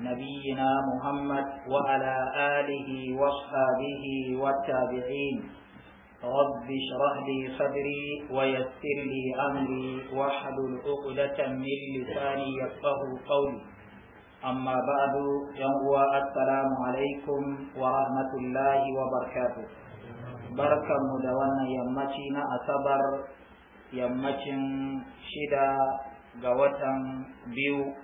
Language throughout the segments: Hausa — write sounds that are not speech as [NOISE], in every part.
نبينا محمد وعلى آله وصحبه والتابعين رب اشرح لي صدري ويسر لي أمري واحلل عقدة من لساني يفقه قولي أما بعد يوم السلام عليكم ورحمة الله وبركاته بركة مدونة يمتين أصبر يمتين شدا قوة بيو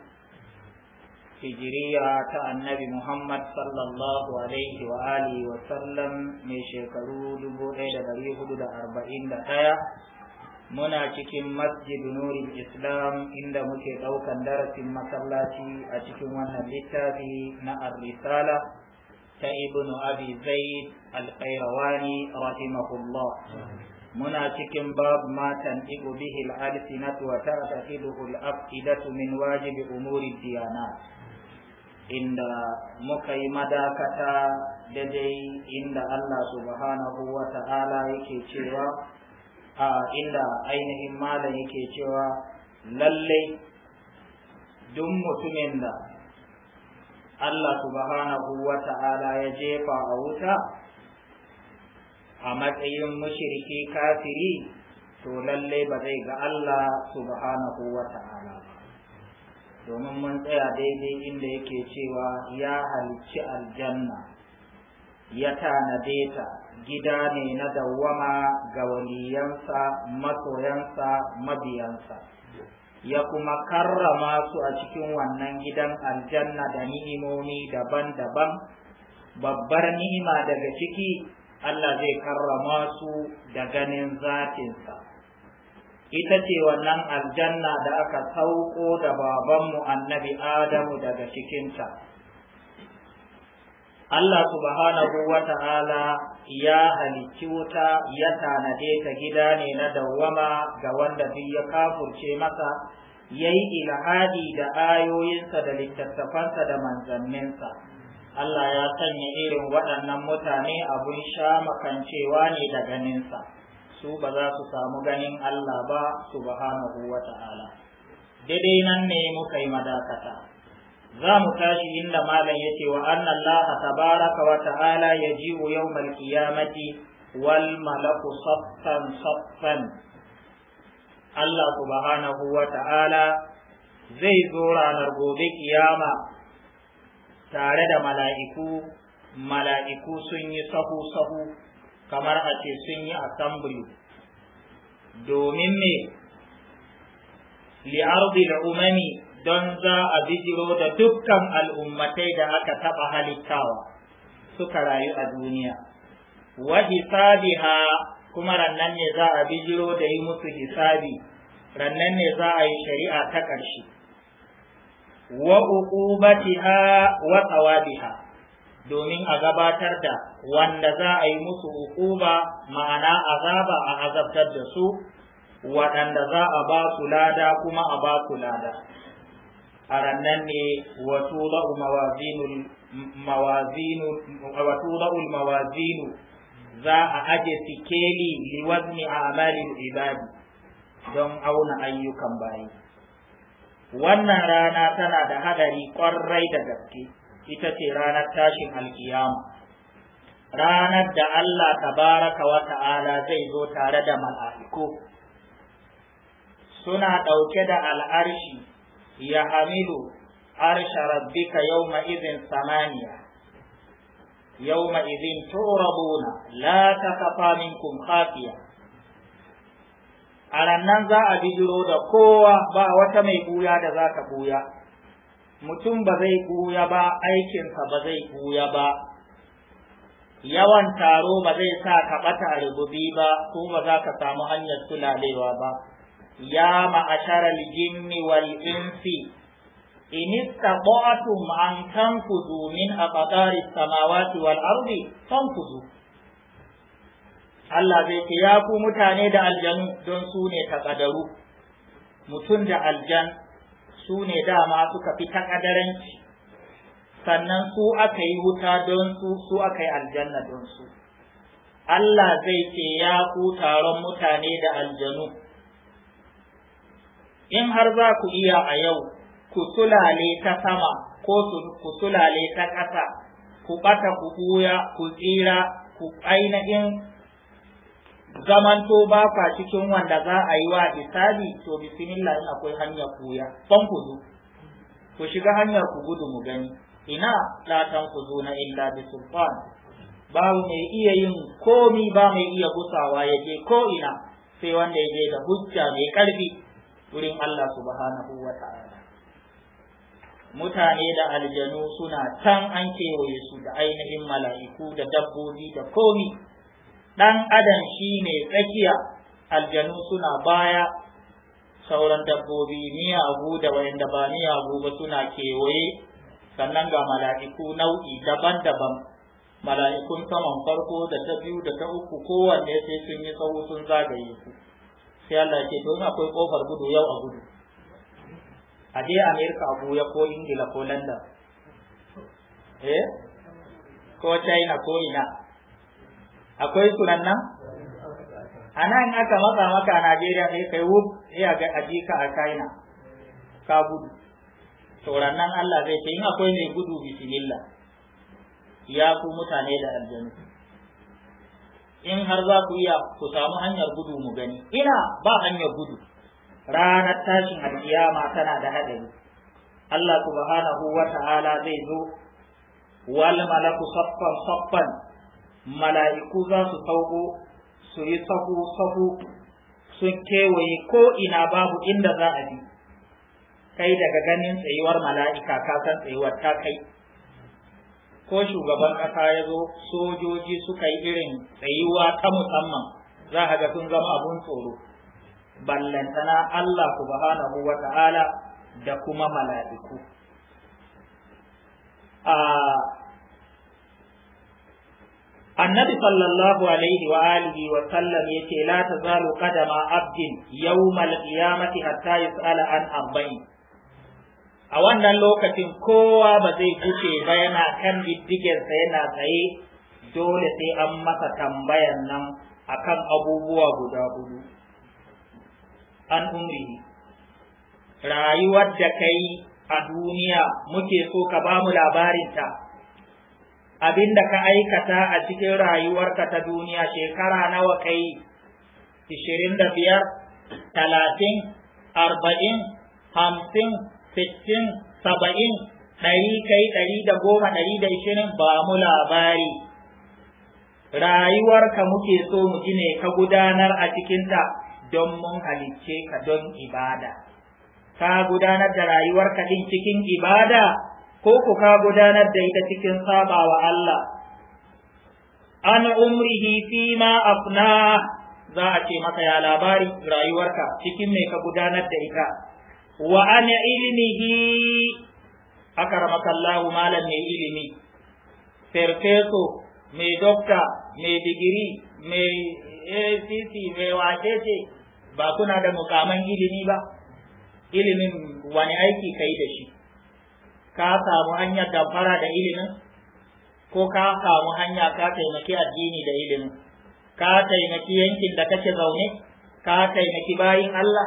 hijiriya ta annabi Muhammad sallallahu alaihi wa alihi wa sallam mai shekaru 1441 muna cikin masjid nurin islam inda muke ɗaukan darasin masallaci a cikin wannan littafi na ar-risala ta ibnu abi zaid al-qayrawani rahimahullah muna cikin Babu matan ibu bihi al-alsinatu wa ta'taqidu al-afidatu min wajibi umuri diyanat inda muka yi madakata dai inda Allah subhanahu wa ta'ala yake cewa a inda ainihin malam yake cewa lallai duk mutumin da Allah subhanahu wa ta'ala ya jefa a wuta a matsayin mushirki kafiri to lallai ba zai ga Allah subhanahu wa ta'ala ba domin mun tsaya daidai inda yake cewa ya halicci aljanna ya tanade ta gida ne na dawwama ga waliyansa masoyansa mabiyansa ya kuma karrama su a cikin wannan gidan aljanna da ni'imomi daban-daban babbar ni'ima daga ciki Allah zai karrama su da ganin zatinsa ita ce wannan aljanna da aka sauko da babanmu annabi adamu daga cikinta Allah subhanahu wa ta'ala ya halicci wuta ya tanade ta gida ne na dawwama ga wanda duk ya kafurce masa ya yi ilhadi da ayoyinsa da littattafansa da manzanninsa. Allah ya sanya irin waɗannan mutane abun sha makancewa ne da ganinsa. su ba za su samu ganin Allah ba su subhanahu wa ta'ala daidai nan ne muka yi madakata za mu tashi inda malam yace wa anna Allah tabaraka wa ta'ala yaji'u yau qiyamati wal malaku saffan saffan Allah subhanahu wa ta'ala zai zo ranar gobe kiyama tare da mala'iku mala'iku sun yi sahu sahu kamar a ce sun yi assembly domin me li'ardi da umami don za a bijiro da dukkan al'ummatai da aka taɓa halittawa suka rayu a duniya wa hisabiha kuma rannan ne za a bijiro da yi musu hisabi rannan ne za a yi shari'a ta ƙarshe wa uqubatiha wa tsawabiha domin a gabatar da wanda za a yi musu hukuma ma'ana azaba a azabtar da su waɗanda za a ba su lada kuma a ba su lada a rannan ne wato za'u mawazinu za a aje sikeli liwazni a amalin ibadi don auna ayyukan bayi wannan rana tana da hadari ƙwarai da gaske ita ce ranar tashin alkiyama ranar da Allah tabaraka wa ta'ala zai zo tare da mala'iku suna ɗauke da al'arshi ya hamilu arsha rabbika yawma izin samaniya yawma izin turabuna la takafa minkum khafiya a rannan za a bijiro da kowa ba wata mai buya da za ta buya mutum ba zai buya ba aikinsa ba zai goya ba yawan taro ba zai sa ka ɓata rububi ba ko ba za ka samu hanyar tulalewa ba ya ma'asharal jinni wal insi in istata'tum an tanfudu min aqdari samawati wal ardi tanfudu Allah zai ce ya ku mutane da aljanu don su ne kadaru mutum da aljan su ne dama suka fi taƙadaranci. sannan su aka yi wuta don su su aka yi aljanna don su Allah zai ce ya ku taron mutane da aljanu in har za ku iya a yau ku sulale ta sama ko ku sulale ta ƙasa ku ɓata ku buya, ku tsira ku ainihin zamanto ba ka cikin wanda za a yi wa isali to bismillah in akwai hanya kuya ban ku zo ku shiga hanyar ku gudu mu gani ina la tan ku zo na illa bi sultan Ba mai iya yin komi ba mai iya gusawa ya je ko ina sai wanda ya je da hujja mai karfi wurin Allah subhanahu wa ta'ala mutane da aljanu suna tan an kewaye su da ainihin mala'iku da dabbobi da komi ɗan adam shi ne tsakiya aljanu suna baya sauran dabbobi miyagu da wayanda ba miyagu ba suna kewaye sannan ga mala'iku nau'i daban-daban mala'ikun saman farko da ta biyu da ta uku kowanne sai sun yi tsawo sun zagaye su sai Allah ce to akwai kofar gudu yau a gudu a je Amerika a buya ko Ingila ko London eh ko China ko ina akwai sunan nan a aka matsa maka a najeriya sai kai wuf ya ga ajika a china ka gudu to ranan allah zai ce in akwai mai gudu bismillah ya ku mutane da aljanu in har za ku iya ku samu hanyar gudu mu gani ina ba hanyar gudu ranar tashin alkiyama tana da haɗari Allah subhanahu wa ta'ala zai zo wal malaku saffan saffan mala'iku za su sauko su yi sahu sahu sun kewaye ko ina babu inda za a bi kai daga ganin tsayuwar mala'ika ka san tsayuwar ta kai ko shugaban ƙasa ya zo sojoji suka yi irin tsayuwa ta musamman za a ga sun zama abun tsoro ballantana Allah subhanahu wa ta'ala da kuma mala'iku. Ah, annabi sallallahu alaihi wa alihi wa sallam yace la tazalu qadama abdin yawmal qiyamati hatta yus'ala an arba'in a wannan lokacin kowa ba zai kuce ba yana kan diddigensa yana tsaye dole sai an masa tambayan nan akan abubuwa guda hudu an umri rayuwar da kai a duniya muke so ka bamu mu labarinta abin da ka aikata a cikin rayuwarka ta duniya shekara nawa kai ishirin da biyar talatin arba'in hamsin sittin saba'in ɗari kai ɗari da goma ɗari da ishirin ba mu labari rayuwarka muke so mu ji ne ka gudanar a cikinta don mun halicce ka don ibada ka gudanar da rayuwarka ɗin cikin ibada ko ku ka gudanar da ita cikin sabawa Allah an umrihi fi ma afna za a ce maka ya labari rayuwarka cikin mai ka gudanar da ita wa an ilmihi Allah malam mai ilimi farfeso mai dokta mai digiri mai acc mai wacece ba kuna da mukaman ilimi ba ilimin wani aiki kai da shi ka samu hanyar damfara da ilimin ko ka samu hanya ka taimaki addini da ilimin ka taimaki yankin da kake zaune ka taimaki bayin Allah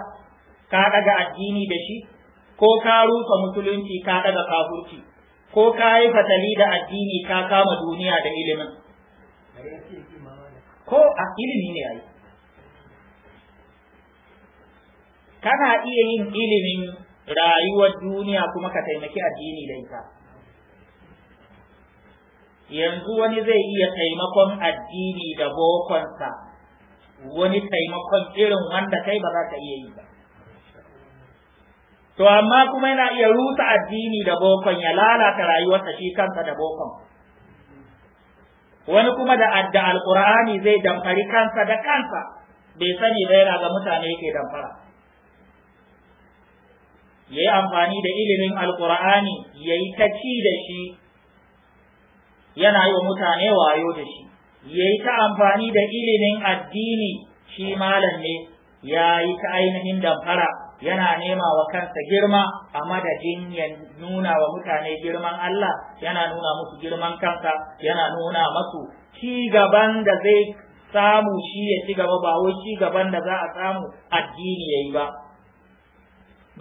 ka daga addini da shi ko ka rusa musulunci ka daga kafurci ko ka yi fatali da addini ka kama duniya da ilimin ko a ilimi ne ai kana iya yin ilimin rayuwar duniya kuma ka taimaki addini da ita yanzu wani zai iya taimakon addini da bokonsa wani taimakon irin wanda kai ba za ka iya yi ba to amma kuma yana iya rusa addini da bokon ya lalata rayuwarsa shi kansa da bokon wani kuma da adda alkur'ani zai damfari kansa da kansa bai sani ba yana ga mutane yake damfara ya yi amfani da ilimin alkur'ani ya yi ta ci da shi yana yi wa mutane wayo da shi ya yi ta amfani da ilimin addini shi malam ne ya yi ta ainihin damfara yana nema wa kansa girma a madadin ya nuna wa mutane girman Allah yana nuna musu girman kansa yana nuna masu ci gaban da zai samu shi ya ci gaba ba wai ci gaban da za a samu addini ya yi ba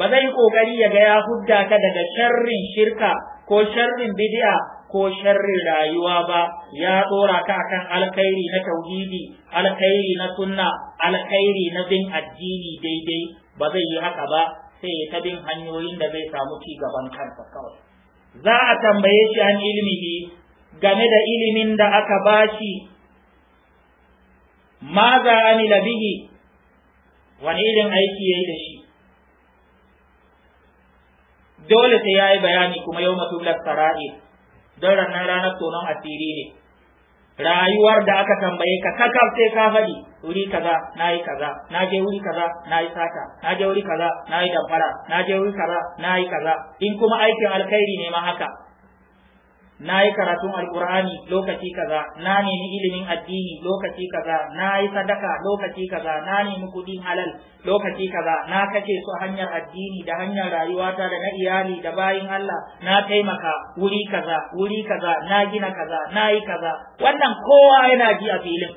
ba zai kokari ya ga ya hudda ka daga sharrin shirka ko sharrin bid'a ko sharrin rayuwa ba ya dora ka akan alkhairi na tauhidi alkhairi na sunna alkhairi na bin addini daidai ba zai yi haka ba sai ya bin hanyoyin da zai samu ci gaban kansa kawai za a tambaye shi an ilmihi game da ilimin da aka bashi maza amila bihi wani irin aiki yayi da shi dole sai ya yi bayani kuma yau matular sara'i don ranar ranar tonon asiri ne rayuwar da aka tambaye ka kakar sai ka faɗi wuri kaza na yi kaza na je wuri kaza na yi sata na je wuri kaza na yi damfara na je wuri kaza na yi kaza in kuma aikin alkhairi ne ma haka na yi karatun alkur'ani lokaci kaza na nemi ilimin addini lokaci kaza na yi sadaka lokaci kaza na nemi kudin halal lokaci kaza na kace su hanyar addini da hanyar rayuwata da na iyali da bayin Allah na taimaka wuri kaza wuri kaza na gina kaza na yi kaza wannan kowa yana ji a filin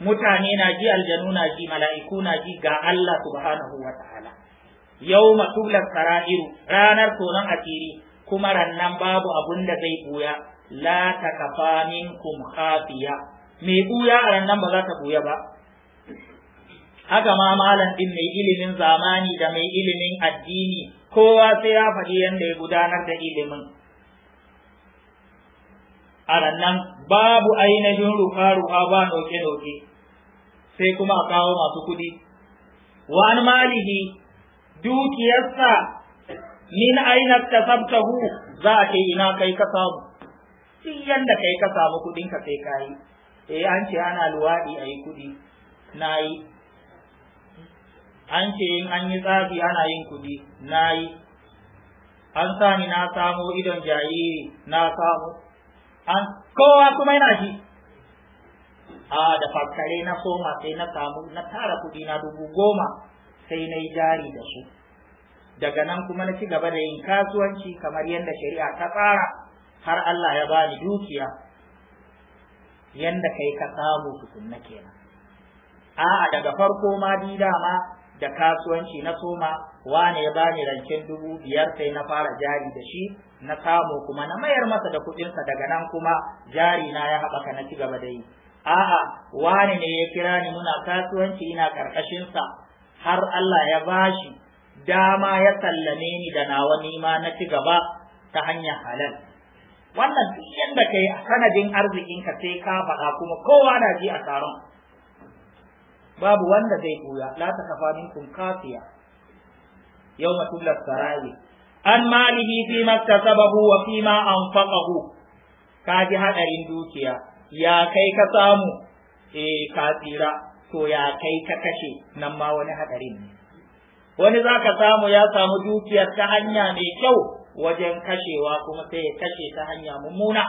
mutane na ji aljanu na ji mala'iku na ji ga Allah subhanahu wa ta'ala yawma tubla sara'iru ranar tonan asiri kuma rannan babu abun da zai buya la min kum khafiya mai buya a rannan ba za ta buya ba haka ma malam din mai ilimin zamani da mai ilimin addini kowa sai ya faɗi yadda ya gudanar da ilimin a rannan babu ainihin rufa ruwa ba noke-noke sai kuma a kawo masu kuɗi wani malihi dukiyarsa min aina kasabtahu za a ce ina kai ka samu duk yanda kai ka samu kudin ka sai kai eh an ce ana luwadi ayi kudi nayi an ce in an yi tsafi ana yin kudi nayi an sami na samu idon jariri na samu. an kowa kuma yana shi a da fakare na soma sai na samu na tara kudi na dubu goma sai na yi jari da su daga nan kuma na ci gaba da yin kasuwanci kamar yadda shari'a ta tsara har Allah ya bani dukiya yadda kai ka samu tukunna kenan a'a daga farko ma di dama da kasuwanci na soma wane ya bani rancen dubu biyar sai na fara jari da shi na samu kuma na mayar masa da kuɗinsa daga nan kuma jari na ya haɓaka na ci gaba da yi a'a wane ne ya kira ni muna kasuwanci ina ƙarƙashinsa har Allah ya bashi dama ya sallame ni da nawa nima na ci gaba ta hanyar halal wannan duk yadda kai a sanadin arzikinka sai ka faɗa kuma kowa na ji a taron babu wanda zai koya la ta kafa minkum kafiya yau matullar sarayi an malihi fi maktasabahu wa fi ma anfaqahu ka ji hadarin dukiya ya kai ka samu eh ka tsira to ya kai ka kashe nan ma wani hadarin ne wani za ka samu ya samu dukiyar ta hanya mai kyau wajen kashewa kuma sai ya kashe ta hanya mummuna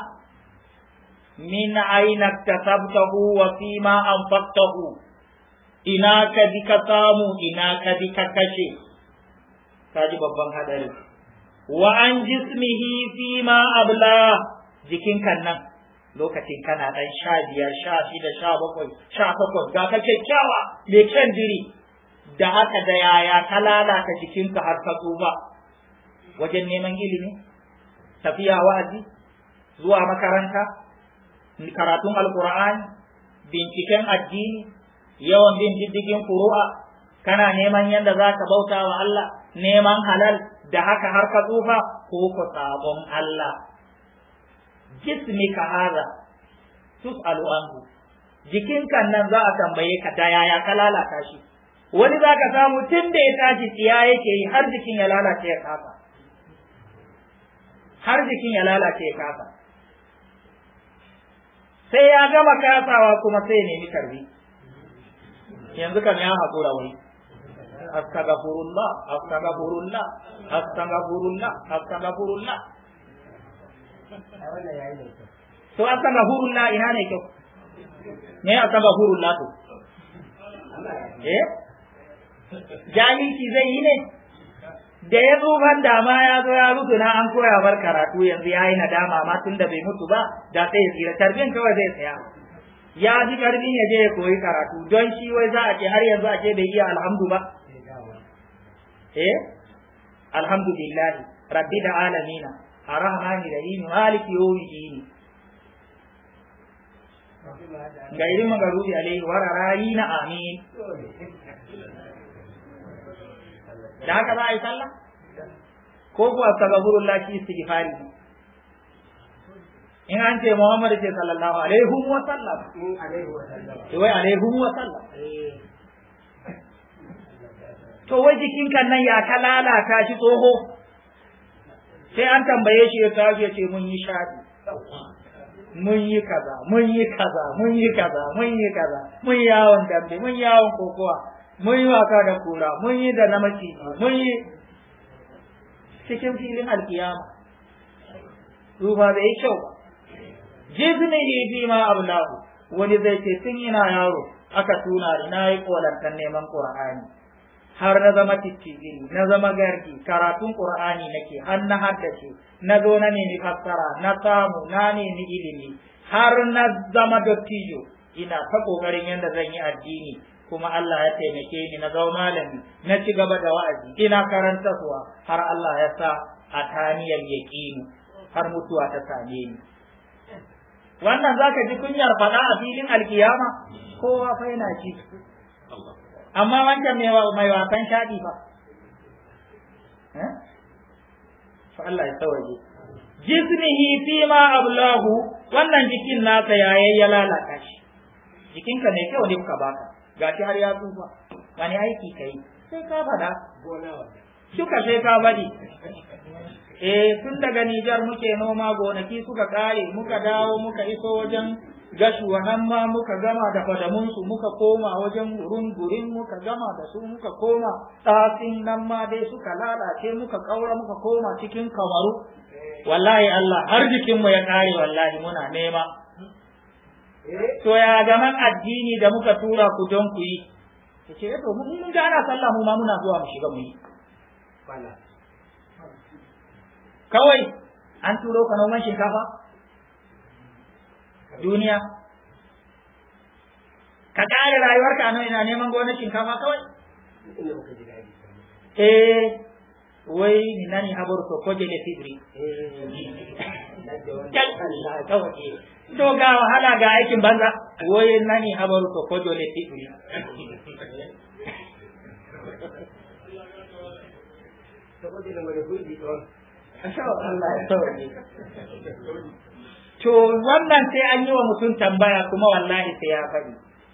min aina tasabtahu wa fima anfaqtahu ina ka dika ka samu ina ka dika ka kashe kaji babban hadari wa an jismihi ma abla jikin kan nan lokacin kana dan sha biyar sha shida sha bakwai sha takwas ga ka kyakkyawa mai kyan diri da haka da yaya ka lalata jikinka har ka tsufa wajen neman ilimi tafiya wa'azi zuwa makaranta karatun alkur'ani binciken addini yawan bin diddigin furu'a kana neman yadda za ka bauta wa Allah neman halal da haka har ka tsufa ko ku sabon Allah jismika haza tus'alu anhu jikinka nan za a tambaye ka da yaya ka lalata shi wani za ka samu tun da ya tashi tsiya yake yi har jikin ya lalace ya kafa har jikin ya lalace ya kafa sai ya gama kasawa kuma sai ya nemi karbi yanzu kan ya haƙura wani astagfirullah astagfirullah astagfirullah astagfirullah to astagfirullah ina ne kyau me astagfirullah to eh jahilci zai yi ne da ya zo ban dama ya zo ya rutu na an koya bar karatu yanzu ya yi nadama ma tun da bai mutu ba da sai ya tsira tarbin kawai zai tsaya ya ji karfin ya je ya koyi karatu don shi wai za a ce har yanzu a ce bai iya alhamdu ba eh alhamdulillahi rabbi da alamina arhamani yini maliki yawmiddin ga irin magarubi alaihi wa na amin da haka za a yi sallah ko kuwa astaghfirullah ki istighfari in an ce Muhammadu ce sallallahu alaihi wa sallam to wai alaihi wa sallam to wai jikin kan nan ya ka lalata shi tsoho sai an tambaye shi ya tafi ya ce mun yi shaɗi mun yi kaza mun yi kaza mun yi kaza mun yi kaza mun yawon dambe mun yawon kokowa mun yi wasa da kura mun yi da namaki mun yi cikin filin alkiyama ruba bai kyau ba jesu ne ya yi ma abu wani zai ce tun yana yaro aka tuna da na yi kolantar neman ƙur'ani har na zama tittiri na zama garki karatun ƙur'ani nake har na haddace na zo na nemi fassara na samu na nemi ilimi har na zama dottijo ina ta ƙoƙarin yadda zan yi addini kuma Allah ya taimake ni na zama malami na ci gaba da wa'azi ina karantarwa har Allah ya sa a taniyar yaƙini har mutuwa ta same ni wannan zaka ji kunyar faɗa a filin alkiyama kowa fa yana ci amma wancan mai wasan shaɗi fa eh? fa Allah ya tawaje jismihi fi ma ablahu wannan jikin nasa yayin ya lalata shi jikinka ne kyau ne ka baka gashi har ya tsufa wani aiki kai sai ka faɗa suka sai ka bari eh tun daga Nijar muke noma gonaki suka kare muka dawo muka iso wajen gashuwa nan ma muka gama da fadamunsu muka koma wajen gurin muka gama da su muka koma tsafin, nan ma dai suka lalace muka kaura muka koma cikin kamaru wallahi Allah har jikinmu ya kare wallahi muna nema to ya gaman addini da muka tura ku don ku yi ta ce eh, to mun ga ana sallah mu ma muna zuwa mu shiga mu yi kawai an turo ka noman shinkafa duniya ka kare ka nan ina neman gonar shinkafa kawai eh wai ni nani aburto ko je ne fibri kawai to ga wahala ga aikin banza wai nani habaru ko kojo le tiɗuri to wannan sai an yi wa mutum tambaya kuma wallahi sai ya faɗi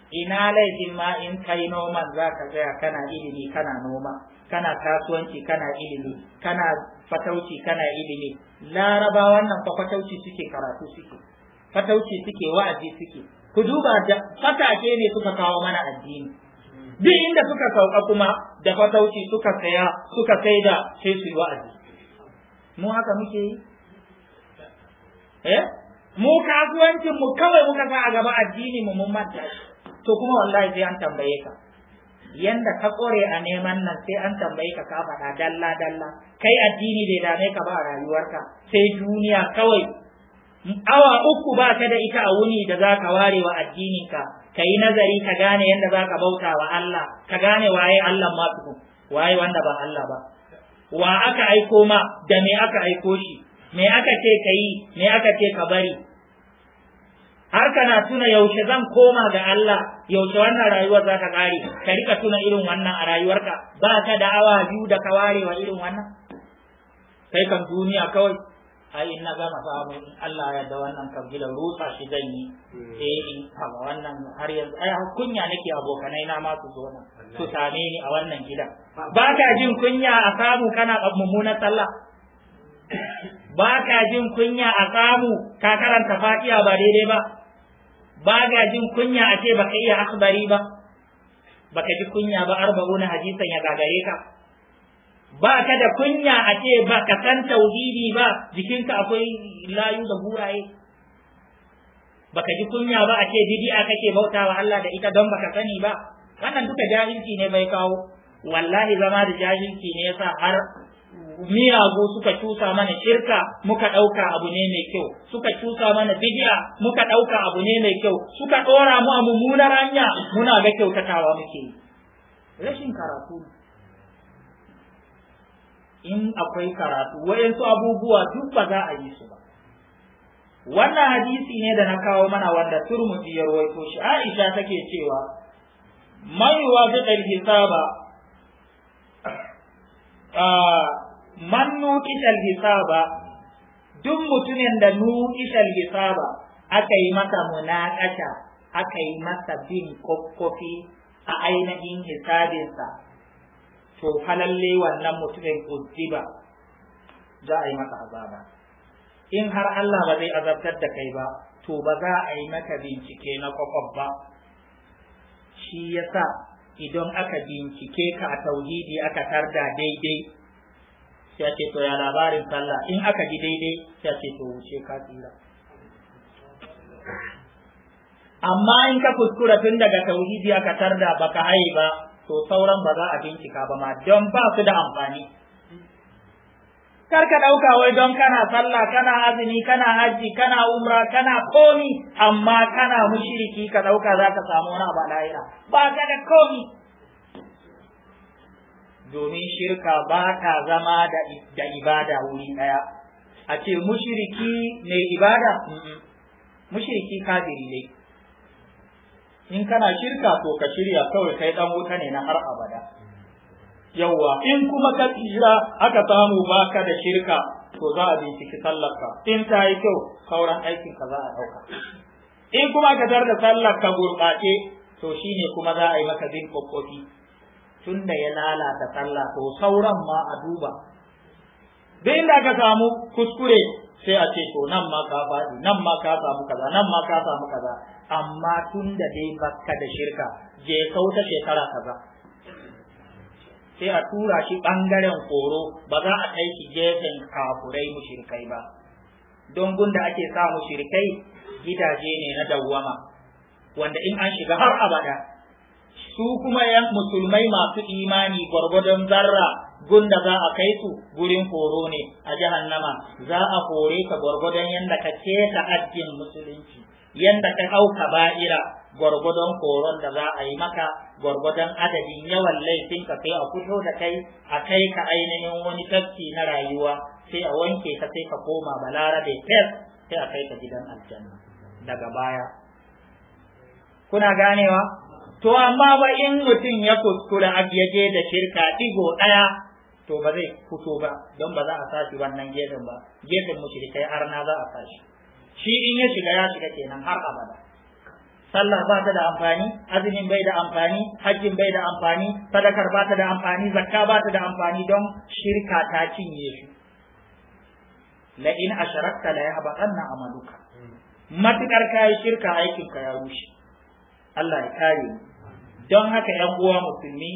ina laifin ma in kai noman za ka tsaya kana ilimi kana noma kana kasuwanci kana ilimi kana fatauci kana ilimi laraba wannan fa fatauci suke karatu suke fatauci suke wa'azi suke ku duba da fatake ne suka kawo mana addini duk inda suka sauka kuma da fatauci suka saya suka saida sai su yi wa'azi mu haka muke yi eh mu kasuwancin mu kawai muka sa a gaba addini mu mun manta to kuma wallahi sai an tambaye ka yanda ka kore a neman nan sai an tambaye ka ka faɗa dalla dalla kai addini bai dame ka ba a rayuwarka sai duniya kawai awa uku ba ka da ita a wuni da za ka ware wa addininka ka yi nazari ka gane yadda za ka bauta wa Allah ka gane waye Allah ma tuku, waye wanda ba Allah ba wa aka aiko ma da me aka aiko shi me aka ce ka yi me aka ce ka bari har kana tuna yaushe zan koma ga Allah yaushe wannan rayuwar za ka kare ka rika tuna irin wannan a rayuwarka ba ka da awa biyu da ka ware wa irin wannan kai kan duniya kawai ai in na gama samu in Allah ya da wannan kabila rusa shi zan yi hmm. eh in kama wannan har yanzu ai kunya nake abokanai na ma su zo nan su same ni a wannan gidan ba ka jin kunya a samu kana na sallah ba ka jin kunya a samu ka karanta fatiha ba daidai ba ba ka jin kunya a ce baka iya akhbari ba baka ji kunya ba arba'una hadisan ya gagare ka ba ka da kunya a ce ba ka san tauhidi ba jikinka akwai layu da buraye Ba ka ji kunya ba a ce bid'a kake bautawa Allah da ita don ba ka sani ba wannan duka jahilci ne bai kawo wallahi zama da jahilci ne yasa har miyagu suka cusa mana shirka muka ɗauka abu ne mai kyau suka cusa mana bid'a muka ɗauka abu ne mai kyau suka ɗora mu a mummunar hanya muna ga kyautatawa muke rashin karatu in akwai karatu wayansu abubuwa duk ba za a yi su ba wannan hadisi ne da na kawo mana wanda turmuzi ya rawaito shi Aisha take cewa man yuwafiqa al-hisaba [COUGHS] ah, man nuqisha al-hisaba duk mutumin da nuqisha al-hisaba aka yi masa munakasha aka yi masa bin kokofi a ainihin hisabinsa to falalle wannan mutumin uzziba za a yi masa azaba in har Allah ba zai azabtar da kai ba to ba za a yi maka bincike na kwakwab ba shi yasa idan aka bincike ka a tauhidi aka tarda daidai sai ce to ya labarin sallah in aka ji daidai sai ce to wuce ka tsira amma in ka kuskura tun daga tauhidi aka tarda baka haye ba to sauran ba za a bincika ba ma don ba su da amfani karka ɗauka wai don kana sallah kana azumi kana hajji kana umra kana komi amma kana mushiriki ka ɗauka za ka samu wani abu lahira ba ka da komi domin shirka ba ta zama da ibada wuri ɗaya a ce mushiriki mai ibada mushiriki kafiri ne in kana shirka to ka shirya kawai kai dan wuta ne na har abada yawwa in kuma ka tsira aka samu baka da shirka to za a binciki sallarka in ta yi kyau sauran aikin ka za a dauka in kuma ka tar da sallarka gurɓace to shine kuma za a yi maka bin kokofi tunda ya lalata sallah to sauran ma a duba duk inda ka samu kuskure sai a ce to nan ma ka faɗi nan ma ka samu kaza nan ma ka samu kaza amma tun da dai baka da shirka je kauta shekara kaza sai a tura shi bangaren koro ba za a kai gefen kafurai shirkai ba don gunda ake sa mushrikai gidaje ne na dawwama wanda in an shiga har abada su kuma yan musulmai masu imani gwargwadon zarra gunda za a kai su gurin horo ne a jahannama za a hore ka gwargwadon yadda ka keta addin musulunci yadda ka auka ba'ira gwargwadon horon da za a yi maka gwargwadon adadin yawan laifin ka sai a fito da kai a kai ka ainihin wani tafki na rayuwa sai a wanke ka sai ka koma balarabe fes sai a kai ka gidan aljanna daga baya kuna ganewa to amma ba in mutum ya kuskura ya je da shirka digo ɗaya to ba zai fito ba don ba za a sashi wannan gefen ba gefen mushrikai arna za a sashi shi in ya shiga ya shiga kenan har abada sallah ba ta da amfani azumin bai da amfani hajjin bai da amfani sadakar ba ta da amfani zakka ba ta da amfani don shirka ta cinye shi la in asharakta la yahbatanna amaluka matukar kai shirka aikin ka ya rushe Allah ya kare don haka yan uwa musulmi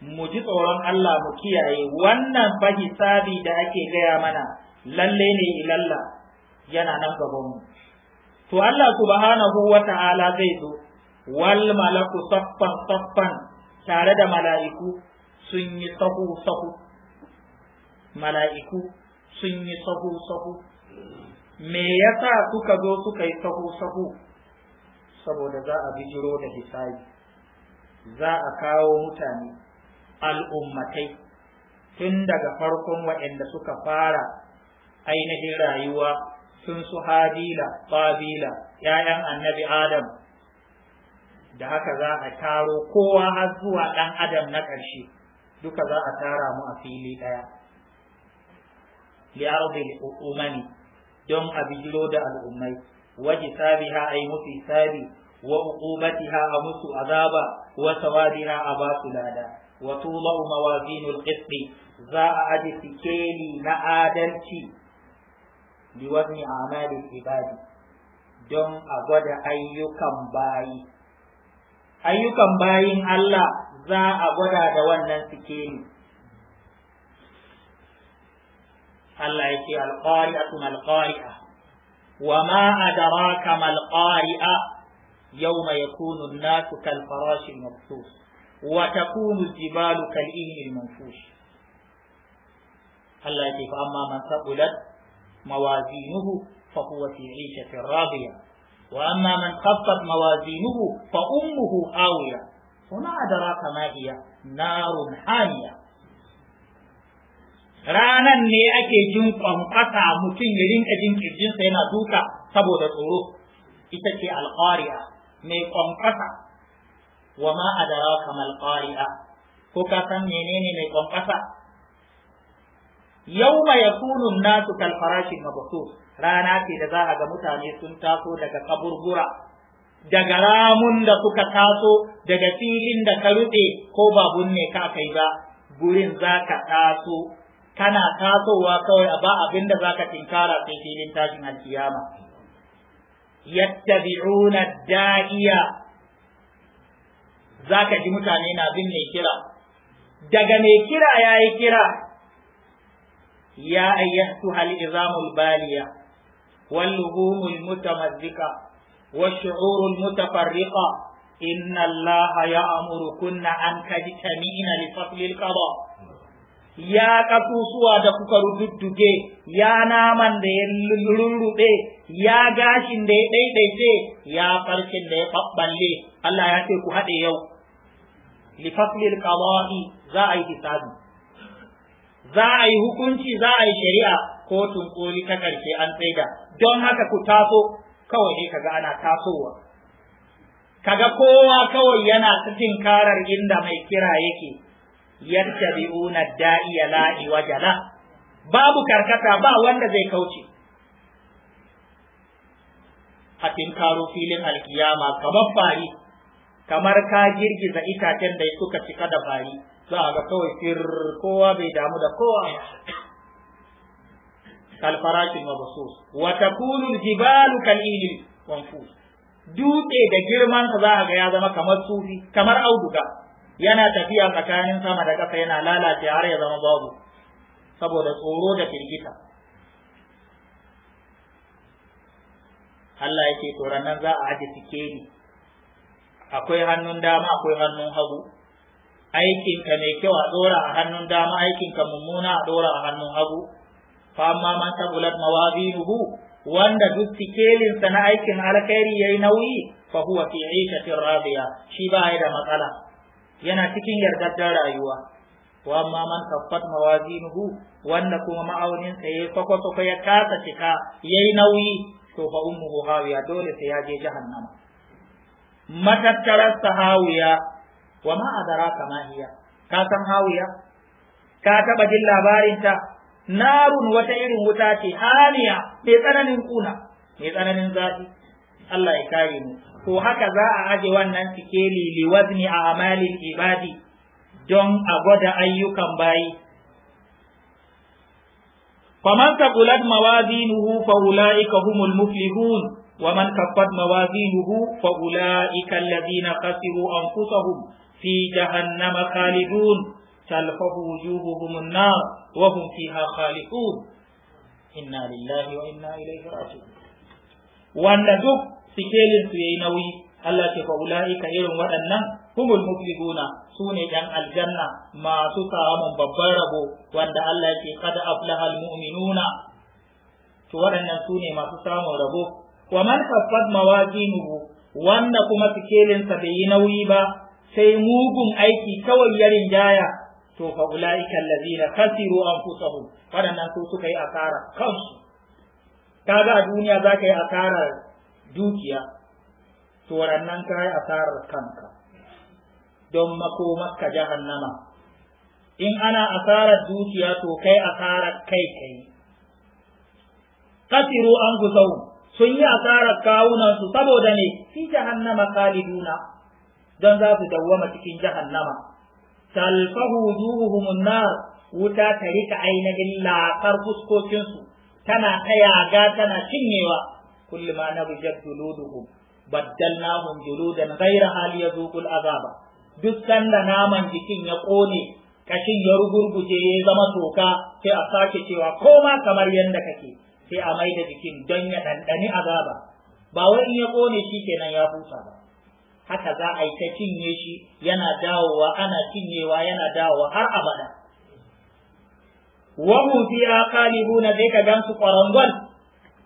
mu ji tsoron Allah mu kiyaye wannan fahi hisabi da ake gaya mana lalle ne ilalla yana nan gabanmu to Allah subhanahu wa ta'ala zai zo wal malaku saffan saffan tare da mala'iku sun yi sahu sahu mala'iku sun yi sahu sahu me yasa suka zo suka yi sahu sahu saboda za a bijiro da hisabi za a kawo mutane al'ummatai tun daga farkon waɗanda suka fara ainihin rayuwa sun su habila Fabila, ‘ya'yan annabi adam da haka za a taro kowa har zuwa ɗan adam na ƙarshe duka za a tara mu a fili ɗaya li'arzil umani don a bijiro da al'ummai waje ha a yi mafi sabi wa ha a musu azaba wa sawabiha a ba su lada wa tula'u mawazinul za a aje sikeli na adalci liwazni amalin ibadi don a gwada ayyukan bayi ayyukan bayin Allah za a gwada wannan sikeli Allah yake alqari'atun alqari'a wa ma adraka mal qari'a yawma yakunu an wa takunu jibalu kal manfush Allah ya fa amma man saqulat mawazinuhu fa huwa fi 'ishatin radiya wa amma man khaffat mawazinuhu fa ummuhu awiya wa ma adraka ma hiya narun haniya ranan ne ake jin kwankwasa mutum ya rinka jin kirjinsa yana duka saboda tsoro ita ce alƙariya mai kwankwasa wa ma adraka mal qari'a ko ka san menene mai kwankasa yawma yakunu nasu kal farashi rana ce da za a ga mutane sun taso daga kaburbura daga ramun da suka taso daga filin da ka rufe ko babun ne ka kai ba gurin za ka taso kana tasowa kawai ba abin da za ka tinkara sai filin tashin alkiyama yattabi'una da'iya za ka ji mutane na bin mai kira daga mai kira ya yi kira ya ayyatu hal izamul baliya wal luhumul wa wal shu'urul mutafarriqa inna allaha kunna an tajtamina li lifafilil kaba. ya kasusuwa da kuka rududduge ya naman da ya rurruɗe ya gashin da ya ɗaiɗaice ya farkin da ya ɓaɓɓalle Allah ya ce ku haɗe yau li faslil qada'i za a yi hisabi za a yi hukunci za a yi shari'a kotun koli ta karshe an tsaida don haka ku taso kawai ne kaga ana tasowa kaga kowa kawai yana cikin karar inda mai kira yake yattabi'una da'iya la iwajala babu karkata ba wanda zai kauce a tinkaro filin alkiyama kamar fari kamar ka girgiza itacen da suka cika da fari, za a ga kawai fir kowa bai damu da kowa kalfarashin mabasus wata takunu jibalu kalilin wanfus dutse da girman ka za a ga ya zama kamar sufi kamar auduga yana tafiya tsakanin sama da ƙasa yana lalace har ya zama babu saboda tsoro da firgita Allah yake tsoron nan za a aje ni akwai hannun dama akwai hannun hagu aikinka mai kyau a dora a hannun dama aikinka mummuna a dora a hannun hagu fa amma man tabulat mawazinuhu wanda duk sikelin sa na aikin alkhairi yayi nauyi fa huwa fi 'ishatin radiya shi ba ya da matsala yana cikin yardaddar rayuwa wa amma man tafat mawazinuhu wanda kuma ma'aunin sa yayi kwakwakwakwa ya kasa cika yayi nauyi to fa ummuhu hawiya dole sai ya je jahannama Matattarar hawiya wa ma'adara kama hiya ka san hawiya ka taɓa jin labarinta narun wata irin wuta ce haniya mai tsananin kuna mai tsananin zafi Allah ya kare mu to haka za a aje wannan sikeli wazni a amalin ibadi don a gwada ayyukan bayi faman gulad mawazinuhu fa ulaika humul muflihun ومن كفت موازينه فأولئك الذين خسروا أنفسهم في جهنم خالدون تلفه وجوههم النار وهم فيها خالدون إنا لله وإنا إليه راجعون وأن دب سكيل سينوي الله فأولئك إلهم وأنهم هم المفلحون سوني جن الجنة ما سسام ببربو وأن الله قد أفلح المؤمنون to waɗannan su ne masu samun rabo wa man khaffat mawazinuhu wanda kuma sa bai yi nauyi ba sai mugun aiki kawai ya rinjaya to fa ulaika allazina khasiru anfusahum wadannan su suka yi asara kansu kaga a duniya za ka yi asarar dukiya to wadannan ka yi asarar kanka don makomar ka jahannama in ana asarar dukiya to kai asarar kai kai kasiru an gusau sun yi asarar kawunansu saboda ne fi jahannama khaliduna don za su dawwama cikin jahannama talfahu wujuhuhum nar wuta ta rika ainihin laƙar fuskokinsu tana ta yaga tana cinyewa kulluma na bujar juluduhum gaira hali ya zo zuƙul azaba duk sanda naman jikin ya ƙone kashin ya rugurguje ya zama toka sai a sake cewa koma kamar yadda kake sai a da jikin don ya ɗanɗani azaba ba wai in ya ƙone shi kenan ya huta ba haka za a yi ta cinye shi yana dawowa ana cinyewa yana dawowa har abada wahum fiha qalibuna zai ka gansu ƙwarangwal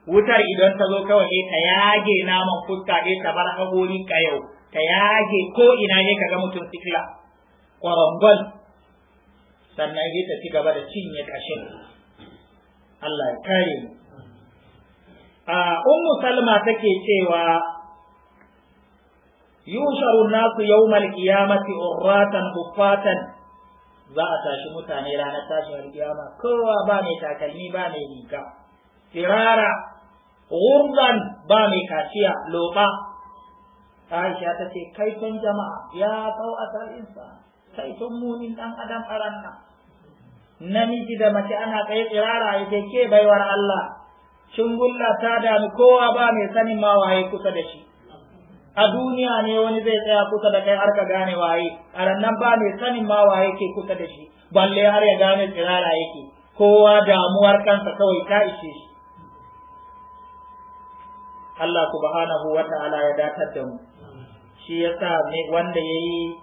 wutar idan ta zo kawai ta yage naman fuska ta bar haƙori yau, ta yage ko ina ne ka ga mutum sikila ƙwarangwal sannan zai ta ci gaba da cinye ƙashin Allah ya kare mu a ummu salma take cewa yusharu nasu yawmal qiyamati urratan huffatan za a tashi mutane ranar tashin kiyama kowa ba mai takalmi ba mai riga Tirara gurban ba mai kaciya loba Aisha ta ce kaiton jama'a ya kau asal Kai kaiton munin dan adam aranna namiji da mace ana kai tirara yake ke baiwar Allah gulla ta dami kowa ba mai sanin ma waye kusa da shi a duniya ne wani zai tsaya kusa da kai har ka gane waye a rannan ba mai sanin ma waye ke kusa da shi balle har ya gane tsirara yake kowa damuwar kansa kawai ta ishe shi Allah subhanahu wa ta'ala ya datar da mu shi yasa ne wanda yayi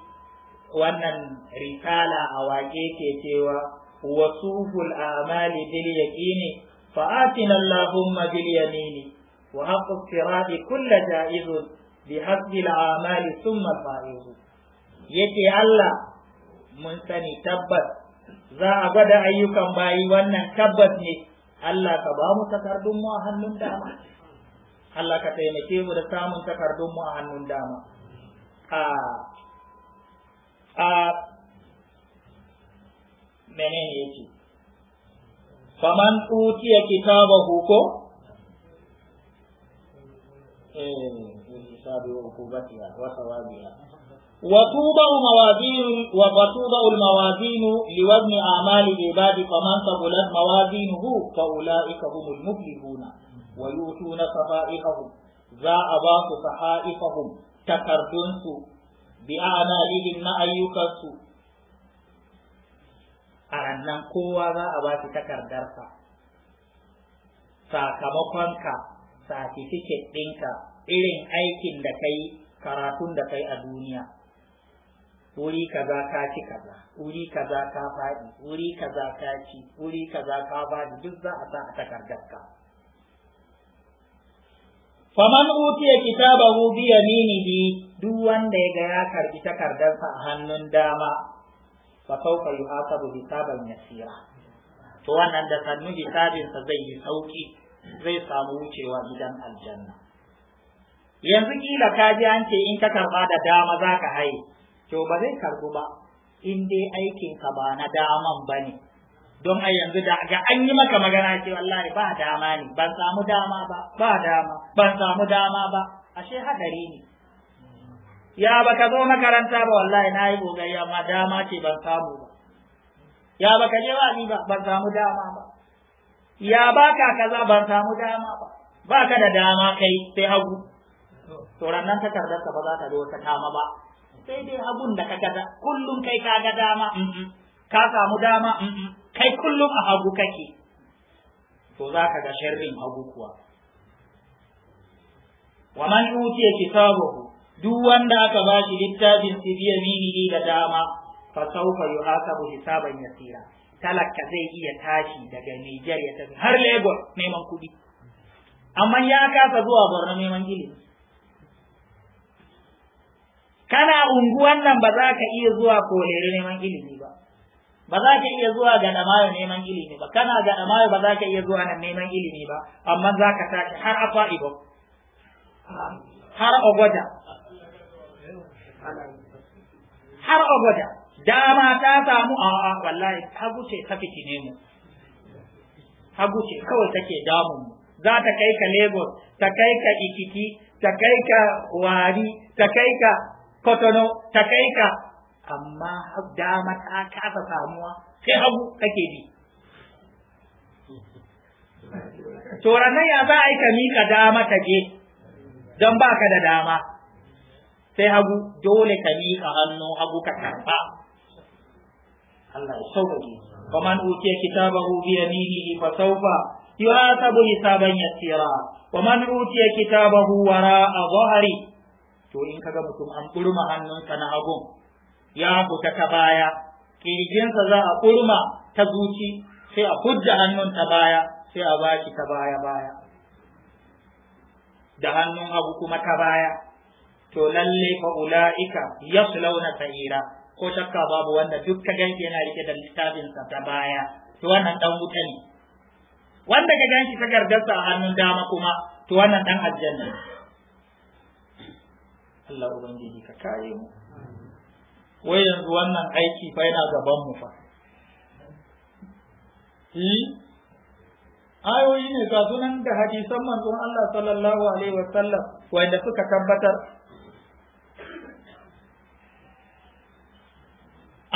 wannan risala a wake ke cewa wasuful a'mali bil yaqini فآتنا اللهم باليمين وحق الصراط كل جائز بحسب الأعمال ثم الفائز يتي الله mun sani tabbas za a gwada ayyukan bayi wannan tabbas ne Allah ka ba mu takardun mu a hannun dama Allah ka taimake mu da samun takardun mu a hannun dama a a menene yake faman utiya kitaba huko watubau mawazinu watubau lmawazinu liwazni amali libadi faman sabulat mawazinuhu faulaika hum lmuflihuna wayutuna safaihahum za abasu sahaifahum takardunsu biamalihinna anyukassu a rannan kowa za a ba shi takardarsa sakamakonka certificate ɗinka irin aikin da kai karatun da kai a duniya wuri kaza ka ci kaza wuri kaza ka faɗi wuri kaza ka ci wuri kaza ka faɗi duk za a sa a takardarka faman utiya kitabahu bi yaminihi duk wanda ya ga ya karbi takardarsa a hannun dama fa sawfa yuhasabu hisaban yasira to wannan da sannu hisabin sa zai yi sauki zai samu wucewa idan aljanna yanzu kila ka ji an ce in ka karba da dama za ka haye to ba zai karbu ba in dai aikin ka ba na daman ba ne don a yanzu da ga an yi maka magana ce wallahi ba dama ne ban samu dama ba ba dama ban samu dama ba ashe hadari ne ya baka zo makaranta ba wallahi na yi kokari amma dama ce ban samu ba ya baka je wani ba ban samu dama ba ya baka kaza ban samu dama ba baka da dama kai sai hagu to ranan takardar ka ba za ta zo ta kama ba sai dai hagun da ka kaza, kullum kai ka ga dama ka samu dama kai kullum a hagu kake to za ka ga sharrin hagu kuwa wa man yuti kitabahu duk wanda aka ba shi littafin sibiya bibili da dama fa sawfa yuhasabu hisaban yasira talaka zai iya tashi daga Nijar ya tafi har Lagos neman kuɗi amma ya kasa zuwa Borno neman ilimi kana unguwan nan ba za ka iya zuwa kolere neman ilimi ba ba za ka iya zuwa ga damayo neman ilimi ba kana ga damayo ba za ka iya zuwa nan neman ilimi ba amma za ka tashi har afa ibo har ogoda har abada dama ta samu a wallahi hagu ce ta ne mu hagu ce kawai take damun mu za ta kai ka Lagos ta kai ka Ikiti ta kai ka Wari ta kai ka Kotono ta kai ka amma dama ta kasa samuwa sai hagu kake bi to ranar ya za a yi ka mika dama ta je don baka da dama sai hagu dole ka yi a hannu hagu ka karɓa Allah ya sauƙaƙe faman utiya kitabahu bi yaminihi fa sawfa yuhasabu hisaban yasira man utiya kitabahu wara'a dhahri to in kaga mutum an kurma hannunsa na hagu, ya fita ta baya kirjinsa za a kurma ta zuci sai a hujja hannun ta baya sai a bashi ta baya baya da hannun hagu kuma ta baya to lalle fa ulaika yaslawna sa'ira ko shakka babu wanda duk ganki yana rike da littafin sa ta baya to wannan dan wuta ne wanda ka ganki ta gargarsa a hannun dama kuma to wannan dan aljanna Allah ubangiji ka kare mu wai yanzu wannan aiki fa yana gaban mu fa eh? ayoyi ne ga sunan da hadisan manzon Allah sallallahu alaihi wasallam wanda suka tabbatar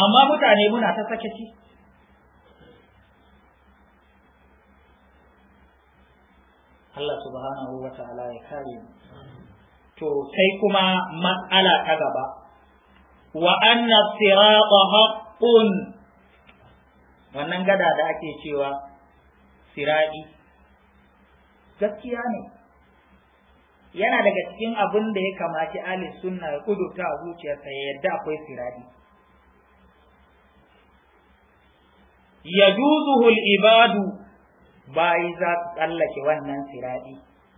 amma mutane muna ta sake ci Allah subhanahu wa ta'ala ya kare mu to sai kuma matsala ta gaba wa anna sirata haqqun wannan gada da ake cewa sirati gaskiya ne yana daga cikin abin da ya kamaci ali sunna ya kuduta a zuciyarsa ya yadda akwai sirati yajuzuhu al-ibadu bayi za su tsallake wannan siradi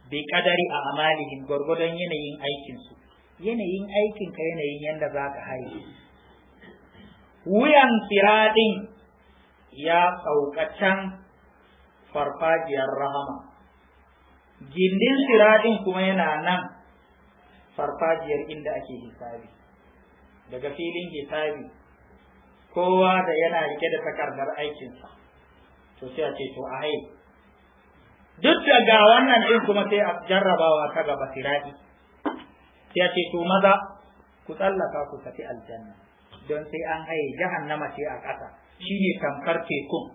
bi kadari a amalihin gwargwadon yanayin aikinsu yanayin aikinka yanayin yanda za ka haihu wuyan siradin ya can farfajiyar rahama gindin siradin kuma yana nan farfajiyar inda ake hisabi daga filin hisabi kowa da yana rike da takardar aikinsa to sai a ce to a hai duk da ga wannan din kuma sai a jarrabawa ta gaba sirati sai a ce to maza ku tsallaka ku tafi aljanna don sai an haye jahannama ce a ƙasa shine tamkar tekun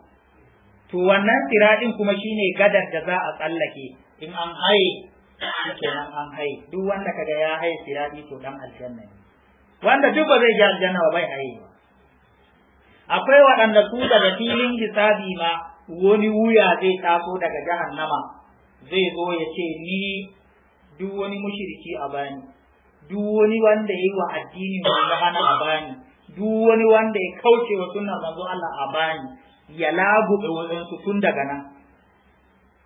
to wannan siratin kuma shine gadar da za a tsallake in an haye kenan an haye duk wanda kaga ya haye sirati to dan aljanna ne wanda duk ba zai ga aljanna ba bai haye ba akwai waɗanda su daga filin hisabi ma wani wuya zai taso daga nama, zai zo ya ce ni duk wani mushiriki a bani duk wani wanda ya yi wa addini wanda hana a bani duk wani wanda ya kauce wa sunan manzo Allah a bani ya labuɗe su tun daga nan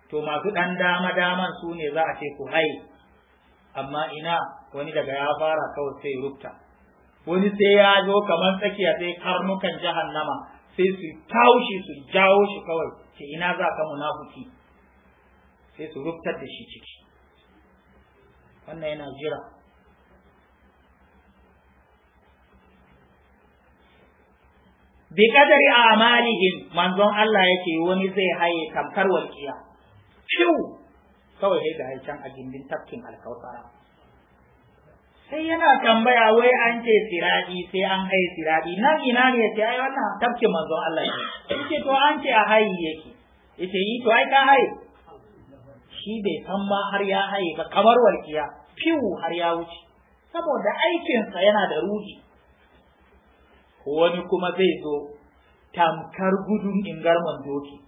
to masu ɗan dama daman su ne za a ce ku hai amma ina wani daga ya fara kawai sai rubta wani sai ya zo kamar tsakiya sai karnukan jahannama sai su kawo shi su jawo shi kawai ce ina za ka munafuki sai su rubtar da shi ciki wannan yana jira bi kadari Amalihin, manzon Allah yake wani zai haye tamkar walƙiya shiu kawai sai ga a gindin tafkin alkautara sai yana tambaya wai an ce siradi sai an hai siradi nan ina ne yace ai wannan tafki manzon Allah ne yake to an ce a haye yake yake yi to ai ka haye shi bai san ma har ya haye ba kamar walkiya fiwu har ya wuce saboda aikinsa yana da ruhi wani kuma zai zo tamkar gudun ingarman doki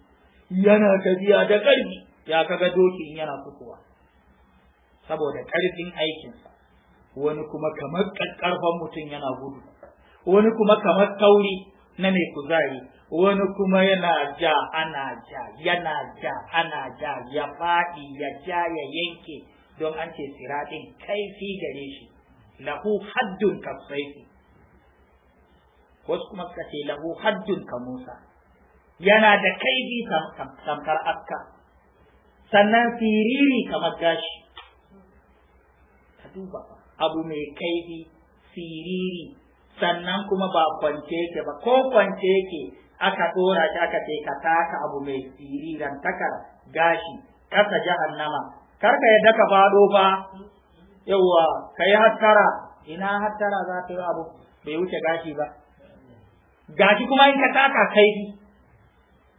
yana gajiya da ƙarfi ya kaga dokin yana fitowa saboda ƙarfin aikinsa wani kuma kamar ƙarfan mutum yana gudu wani kuma kamar tauri na mai kuzari wani kuma yana ja ana ja yana ja ana ja ya faɗi ya ja ya yanke don an ce siraɗin kaifi gare shi lahu haddun kafsaifi wasu kuma suka ce lahu haddun ka Musa yana da kaifi tamkar aska sannan siriri kamar gashi ka duba ba abu mai kaifi siriri sannan kuma ba kwance yake ba ko kwance yake aka dora shi aka ce ka taka abu mai siriran takar gashi kasa jahannama karka yadda ka fado ba yawa kai hattara ina hattara za ta yi abu bai wuce gashi ba gashi kuma in ka taka kaifi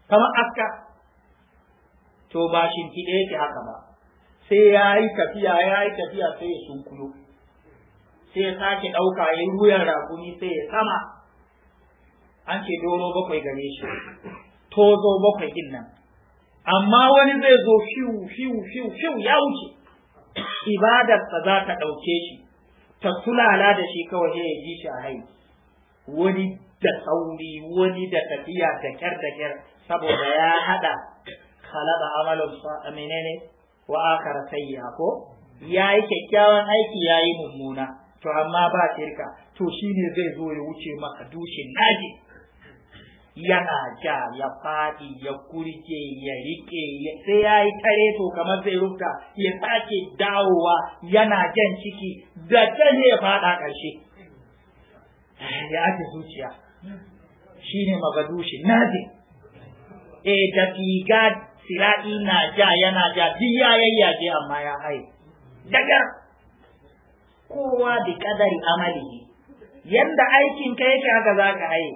kamar aska to ba shi ɗaya ki haka ba sai ya yi tafiya ya yi tafiya sai ya sunkuyo sai ya sake ɗauka ya yi wuyan sai ya sama an ce doro bakwai gare shi tozo bakwai din nan amma wani zai zo fiw fiw fiw fiw ya wuce ibadarsa za ta ɗauke shi ta sulala da shi kawai ya ji shi a hai wani da sauri wani da tafiya da kyar da kyar saboda ya haɗa khalaɗa amalan menene wa akara sayya ko ya yi kyakkyawan aiki ya yi mummuna to amma ba shirka to shine zai zo ya wuce maka dushin naji yana ja ya faɗi ya kurke ya rike sai ya yi tare to kamar zai rufta ya sake dawowa yana jan ciki da can ya faɗa ƙarshe ya ake zuciya shine magadushin naji e da figa sira'i na ja yana ja duk ya yayyaje amma ya haye daga kowa bi kadari amalihi yanda aikin ka yake haka za ka yi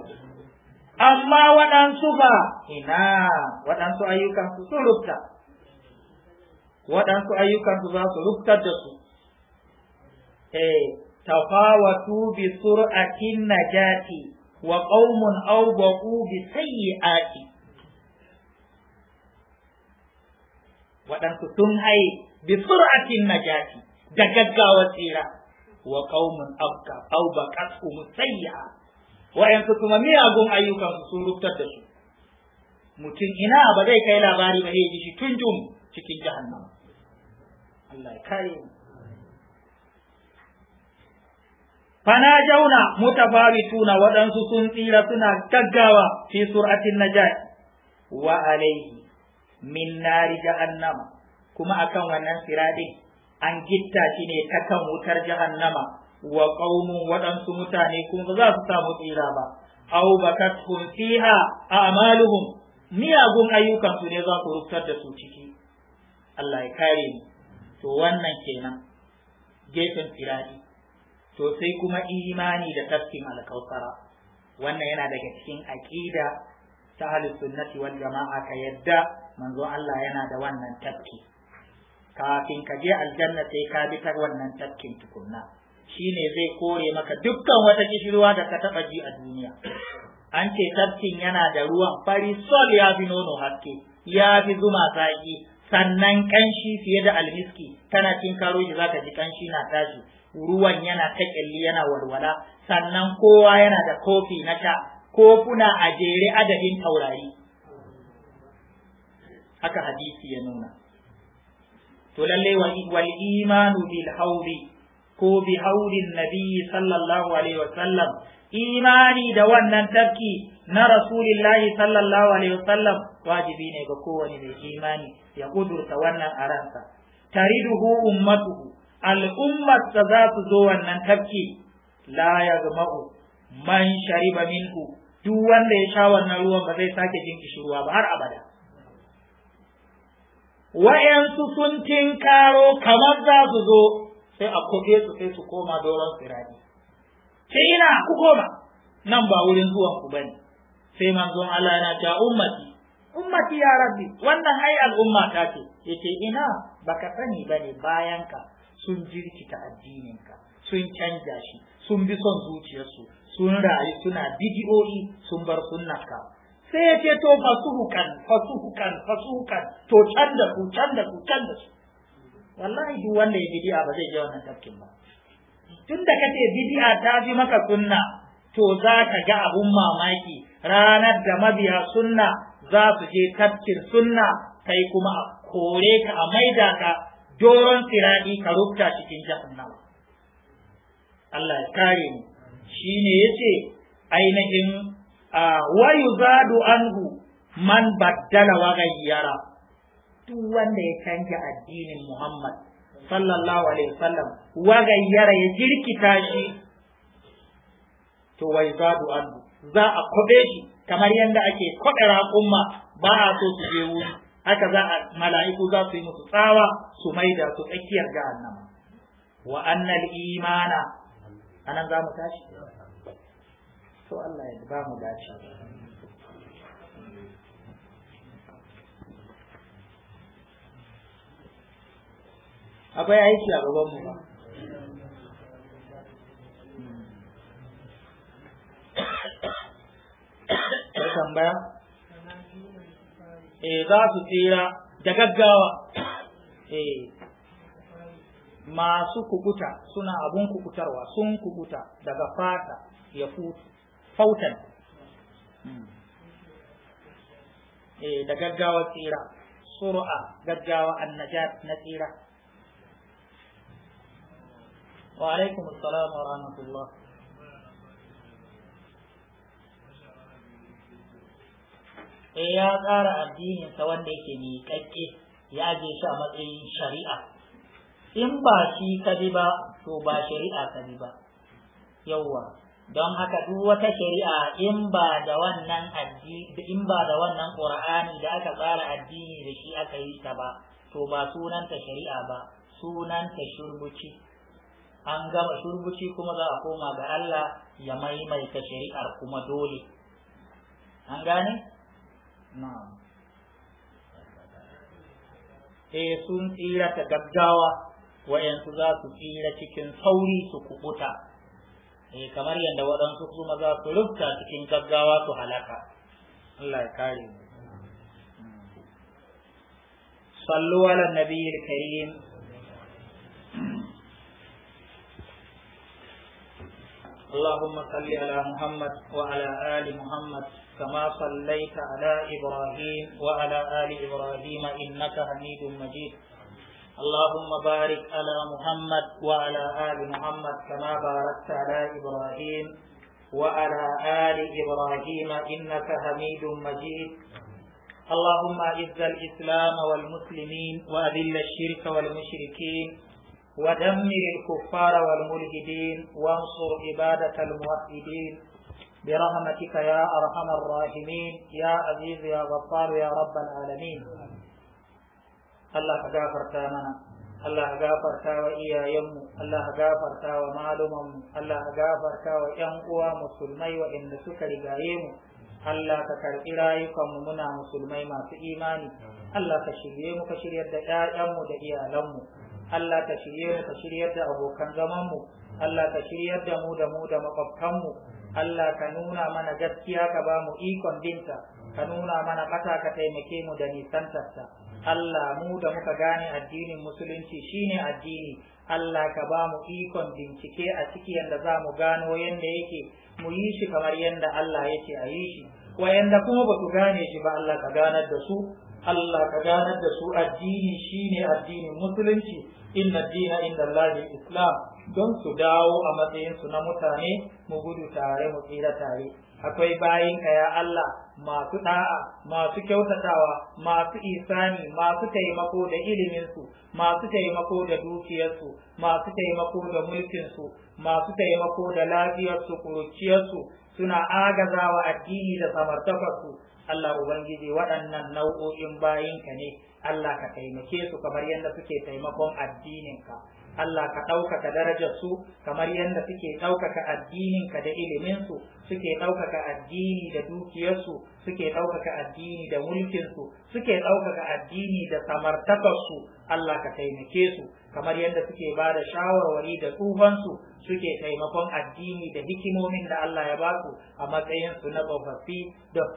amma waɗansu ba ina waɗansu ayyukan su sun rufta waɗansu ayyukan su za su ruftar da su eh tafawatu bi sur'atin najati wa qaumun aw baqu bi sayyi'ati waɗansu sun haye bi sur'atin najati da gaggawar tsira wa qauman abqa aw baqatu Wa wayansu kuma miyagun ayyukan su sun dasu da su mutum ina ba zai kai labari ba yayi shi tunjum cikin jahannama Allah ya fana jauna mutafawituna waɗansu sun tsira suna gaggawa fi sur'atin najat wa alaihi min nari jahannama kuma akan wannan siradin an gitta shi ne ta kan wutar jahannama wa qaumun waɗansu mutane kuma ba za su samu tsira ba aw bakatkum fiha a'maluhum miyagun ayyukansu ne za ku ruftar da su ciki Allah ya kare mu to wannan kenan gefen firadi to sai kuma imani da tafkin alkausara wannan yana daga cikin aqida ta ahlus sunnati wal jama'a ka yadda manzon Allah yana da wannan tafki kafin ka je aljanna sai ka bi ta wannan tafkin tukunna shine zai kore maka dukkan wata kishirwa da ka taɓa ji a duniya an ce tafkin yana da ruwan fari sol ya fi nono haske ya fi zuma zaki sannan ƙanshi fiye da almiski tana cin karo shi zaka ji kanshi na tashi ruwan yana ta yana walwala sannan kowa yana da kofi na sha kofuna a jere adadin taurari haka hadisi ya nuna to lalle wal imanu bil haudi ko bi haudin nabi sallallahu alaihi wasallam imani da wannan tafki na rasulillahi sallallahu alaihi wasallam wajibi ne ga kowane mai imani ya kudurta wannan a ransa tariduhu ummatuhu al'ummarsa za su zo wannan tafki la ya man shariba minku duk wanda ya sha wannan ruwan ba zai sake jin kishirwa ba har abada wa'yansu sun tinkaro kamar za su zo sai a koge su sai su koma doron siraji, sai ina ku koma nan ba wurin zuwan ku bane sai manzon Allah yana ta ummati ummati ya rabbi wannan ai al'umma ta ce yace ina baka sani bane bayan ka sun jirkita ta addininka, sun canja shi sun bi son zuciyarsu sun rayu suna bidiyoyi sun bar sunnarka sai ya ce to fasuhukan fasuhukan fasuhukan to can da su can da su can da su wallahi duk wanda ya bidi'a ba zai je wannan tafkin ba tun da kace bidi'a ta fi maka sunna to za ka ga abun mamaki ranar da mabiya sunna za su je tafkin sunna kai kuma a kore ka a maida ka doron siradi ka rubuta cikin jahannama Allah ya kare mu shine yace ainihin Ah, wa yuzadu anhu man baddala wa ghayyara duk wanda ya canja addinin Muhammad sallallahu alaihi wasallam wa gayyara ya jirkita shi to wai zadu an za a kobe shi kamar yadda ake koɗa raƙumma ba a so su je wuri haka za a mala'iku za su yi musu tsawa su maida su tsakiyar jahannama wa annal imana anan za mu tashi so Allah ya ba mu dace akwai aiki a gaban mu ba tambaya eh za su tsira da gaggawa eh masu kukuta suna abun kukutarwa sun kukuta daga fata ya futu fautan eh, da gaggawa tsira sur'a gaggawa annajat na tsira wa alaikum eh ya tsara addininsa wanda yake miƙaƙƙe ya je shi a matsayin shari'a in ba shi ka ba to ba shari'a ka ba yawwa don haka duk wata shari'a in ba da wannan addini in ba da wannan qur'ani da aka tsara addini da shi aka yi ta ba to ba sunanta shari'a ba sunanta shurbuci an gama shurbuci kuma za a koma ga Allah ya maimaita shari'ar kuma dole an gane na'am eh sun tsira ta gaggawa wayansu za su tsira cikin sauri su kubuta eh kamar yadda waɗansu su maza su rufta cikin gaggawa su halaka Allah ya kare mu sallu ala nabiyil karim اللهم صل على محمد وعلى آل محمد كما صليت على إبراهيم وعلى آل إبراهيم إنك حميد مجيد اللهم بارك على محمد وعلى آل محمد كما باركت على إبراهيم وعلى آل إبراهيم إنك حميد مجيد اللهم أعز الإسلام والمسلمين وأذل الشرك والمشركين ودمر الكفار والملحدين وانصر عبادة الموحدين برحمتك يا أرحم الراحمين يا عزيز يا غفار يا رب العالمين Allah ka gafarta mana Allah ka gafarta wa iyayenmu Allah ka gafarta wa malumanmu Allah ka gafarta wa ƴan uwa musulmai inda suka rigaye mu Allah ka karɓi rayukanmu muna musulmai masu imani Allah ka shirye mu ka shiryar da ƴaƴanmu da iyalanmu Allah ka shirye mu ka shiryar da abokan zamanmu Allah ka shiryar da mu da mu da makwabtanmu Allah ka nuna mana gaskiya ka ba mu ikon binta ka nuna mana ƙasa ka taimake mu da nisantarta Allah mu da muka gane addinin musulunci shine addini Allah ka ba mu ikon bincike a ciki yadda za mu gano yadda yake mu yi shi kamar yadda Allah yake a yi shi wayanda kuma ba ku gane shi ba Allah ka ganar da su Allah ka ganar da su addini shine addinin musulunci inna dina inda Allah islam don su dawo a matsayinsu na mutane mu gudu tare mu tsira tare akwai ka ya Allah masu da'a masu kyautatawa masu isani masu taimako da iliminsu masu taimako da dukiyarsu masu taimako da mulkinsu masu taimako da lafiyarsu kuruciyarsu suna agazawa addini da samartakarsu Allah Ubangiji waɗannan nau'o'in bayinka ne Allah ka taimake su kamar yadda suke taimakon addininka Allah ka ɗaukaka darajar su kamar yadda suke ɗaukaka addininka da iliminsu suke ɗaukaka addini da dukiyarsu suke ɗaukaka addini da mulkinsu suke ɗaukaka addini da su Allah ka taimake su kamar yadda suke ba da shawarwari da tsufansu suke taimakon addini da hikimomin da Allah ya basu a matsayinsu su na babbafi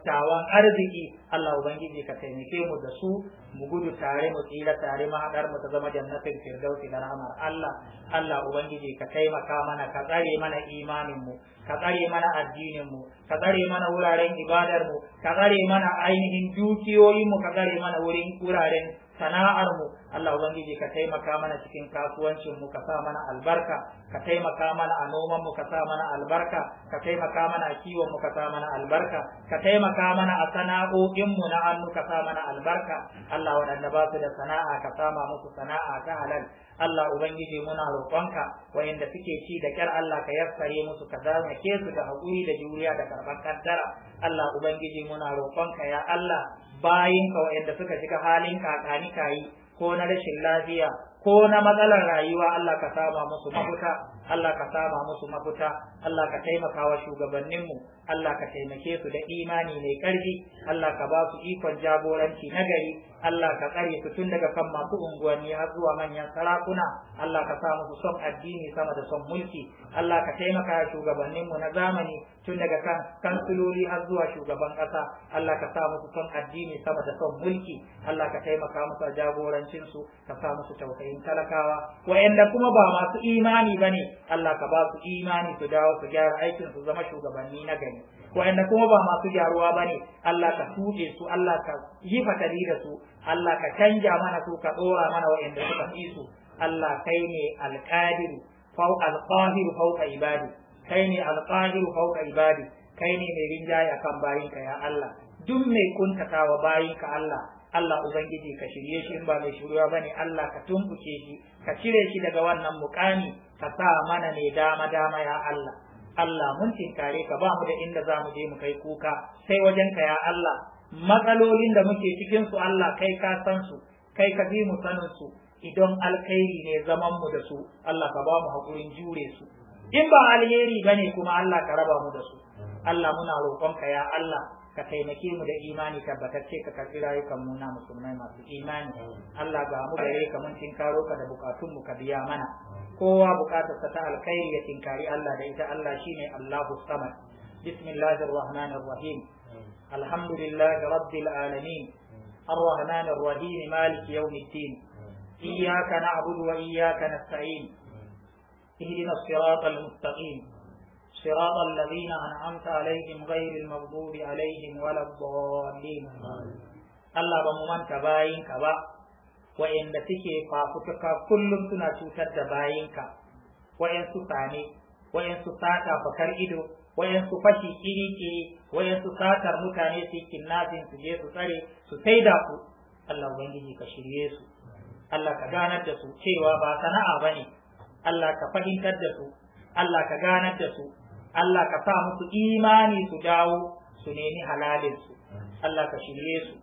tawon arziki Allah ubangiji ka taimake mu da su mu gudu tare mu tsira tare mahaɗar mu ta zama jannatin firdausi da rahamar Allah Allah ubangiji ka taimaka mana ka tsare mana imanin mu ka tsare mana addinin mu ka tsare mana wuraren ibadar mu ka tsare mana ainihin dukiyoyin mu ka tsare mana wurin wuraren sana'ar mu Allah ubangiji ka taimaka mana cikin kasuwancin mu ka sa mana albarka ka taimaka mana a noman mu ka sa mana albarka ka taimaka mana a kiwon mu ka sa mana albarka ka taimaka mana a sana'o'in mu na hannu ka sa mana albarka Allah wadanda ba su da sana'a ka sama musu sana'a ta halal Allah ubangiji muna roƙonka wayanda suke ci da kyar Allah ka yassare musu ka zama su da haƙuri da juriya da karɓar kaddara Allah ubangiji muna roƙonka ya Allah bayin ka wa'anda suka shiga halin kakani kayi ko na rashin lafiya ko na matsalar rayuwa Allah ka sama musu mafuta Allah ka sama musu mafuta Allah ka taimaka wa shugabanninmu Allah ka taimake su da imani mai ƙarfi Allah ka ba su ikon jagoranci na gari Allah ka tsare su tun daga kan masu unguwanni har zuwa manyan sarakuna Allah ka sa musu son addini sama da son mulki Allah ka taimaka wa shugabanninmu na zamani tun daga kan kansiloli har zuwa shugaban ƙasa Allah ka sa musu son addini sama da son mulki Allah ka taimaka musu a jagorancin su ka sa musu tausayin talakawa wa'anda kuma ba masu imani bane Allah ka ba su imani su dawo su gyara aikin su zama shugabanni na gari wa'anda kuma ba masu gyaruwa bane Allah ka tuɗe su Allah ka yi fatali da su Allah ka canja mana su ka ɗora mana wa'anda suka fi su Allah kai ne alƙadiru fau alƙahiru fauka ibadi kai ne alqahiru fauka ibadi kai ne mai rinjaye akan bayinka ya Allah duk mai kuntatawa bayinka Allah Allah ubangiji ka shirye shi in ba mai shiruwa bane Allah ka tumbuke shi ka cire shi daga wannan mukami ka sa mana ne dama dama ya Allah Allah mun tinkare ka ba mu da inda za mu je mu kai kuka sai wajen ka? ya Allah matsalolin da muke cikin su Allah kai ka san su kai ka bi mu sanin su idan alkhairi ne zaman mu da su Allah ka ba mu hakurin jure su in ba alheri ne kuma Allah ka raba mu da su Allah muna roƙonka ya Allah ka taimake mu da imani tabbatacce ka karɓi rayukan mu na musulmai masu imani Allah ga mu gare ka mun tinkaro ka da bukatun mu ka biya mana kowa bukatar ta alkhairi ya tinkari Allah da ita Allah shine Allahu samad bismillahir rahmanir rahim alhamdulillahi rabbil alamin الرحمن الرحيم مالك يوم الدين إياك نعبد وإياك نستعين اهدنا الصراط المستقيم صراط الذين أنعمت عليهم غير المغضوب عليهم ولا الضالين Allah ba mu manta bayinka ba wa'inda suke fafutuka kullum suna cutar da bayinka wa'insu sane wa'insu sata bakar ido wa'insu fashi kiri-kiri wa'insu satar mutane su yi kinnafin su je su tsare su saida ku Allah ubangiji ka shirye su Allah ka ganar da su cewa ba sana'a ne. Allah ka fahimtar da su Allah ka ganar da su Allah ka sa musu imani su dawo su nemi halalin su Allah ka shirye su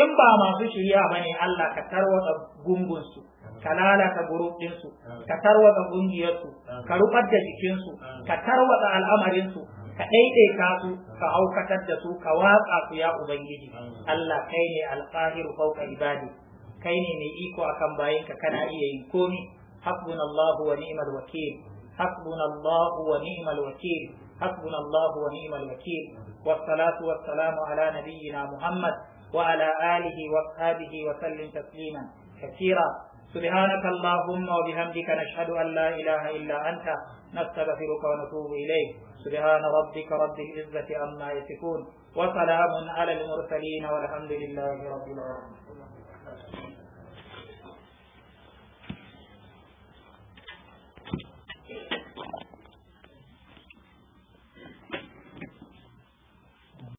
in ba masu shirya ba ne Allah ka tarwata gungun su ka lalata gurub su ka tarwata gungiyarsu, su ka rubar da jikin su ka tarwata al'amarin su ka daidaita su ka aukatar da su ka watsa su ya ubangiji Allah kai ne alqahiru fawqa ibadi kai ne mai iko akan bayanka kana iya yin komi حسبنا الله ونعم الوكيل حسبنا الله ونعم الوكيل حسبنا الله ونعم الوكيل والصلاة والسلام على نبينا محمد وعلى آله وصحبه وسلم تسليما كثيرا سبحانك اللهم وبحمدك نشهد أن لا إله إلا أنت نستغفرك ونتوب إليك سبحان ربك رب العزة عما يصفون وسلام على المرسلين والحمد لله رب العالمين